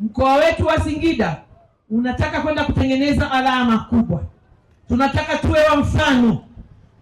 Mkoa wetu wa Singida unataka kwenda kutengeneza alama kubwa, tunataka tuwe wa mfano,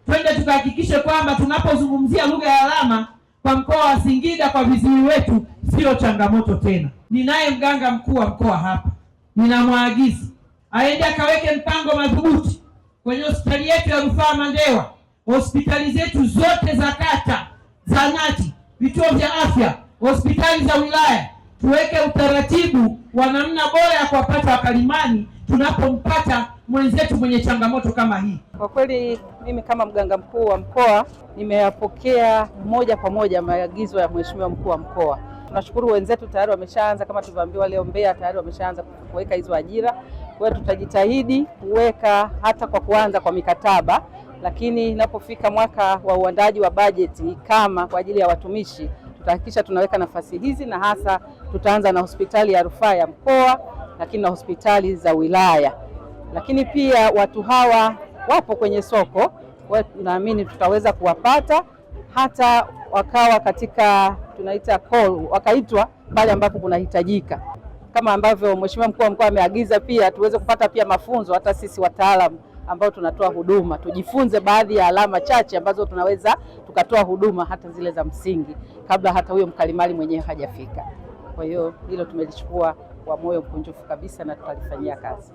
twende tukahakikishe kwamba tunapozungumzia lugha ya alama kwa mkoa wa Singida kwa viziwi wetu sio changamoto tena. Ninaye mganga mkuu wa mkoa hapa, ninamwaagiza aende akaweke mpango madhubuti kwenye hospitali yetu ya rufaa Mandewa, hospitali zetu zote za kata, zanati, vituo vya afya, hospitali za wilaya tuweke utaratibu wa namna bora ya kuwapata wakalimani tunapompata mwenzetu mwenye changamoto kama hii. Kwa kweli mimi kama mganga mkuu wa mkoa nimeyapokea moja kwa moja maagizo ya mheshimiwa mkuu wa mkoa. Tunashukuru wenzetu tayari wameshaanza, kama tulivyoambiwa leo Mbeya tayari wameshaanza kuweka hizo ajira. Kwa hiyo tutajitahidi kuweka hata kwa kuanza kwa mikataba, lakini inapofika mwaka wa uandaji wa bajeti kama kwa ajili ya watumishi tutahakikisha tunaweka nafasi hizi na hasa tutaanza na hospitali ya rufaa ya mkoa, lakini na hospitali za wilaya. Lakini pia watu hawa wapo kwenye soko, tunaamini tutaweza kuwapata hata wakawa katika tunaita call, wakaitwa pale ambapo kunahitajika, kama ambavyo mheshimiwa mkuu wa mkoa ameagiza, pia tuweze kupata pia mafunzo hata sisi wataalamu ambao tunatoa huduma, tujifunze baadhi ya alama chache ambazo tunaweza tukatoa huduma hata zile za msingi kabla hata huyo mkalimali mwenyewe hajafika. Kwa hiyo hilo tumelichukua kwa moyo mkunjufu kabisa na tutalifanyia kazi.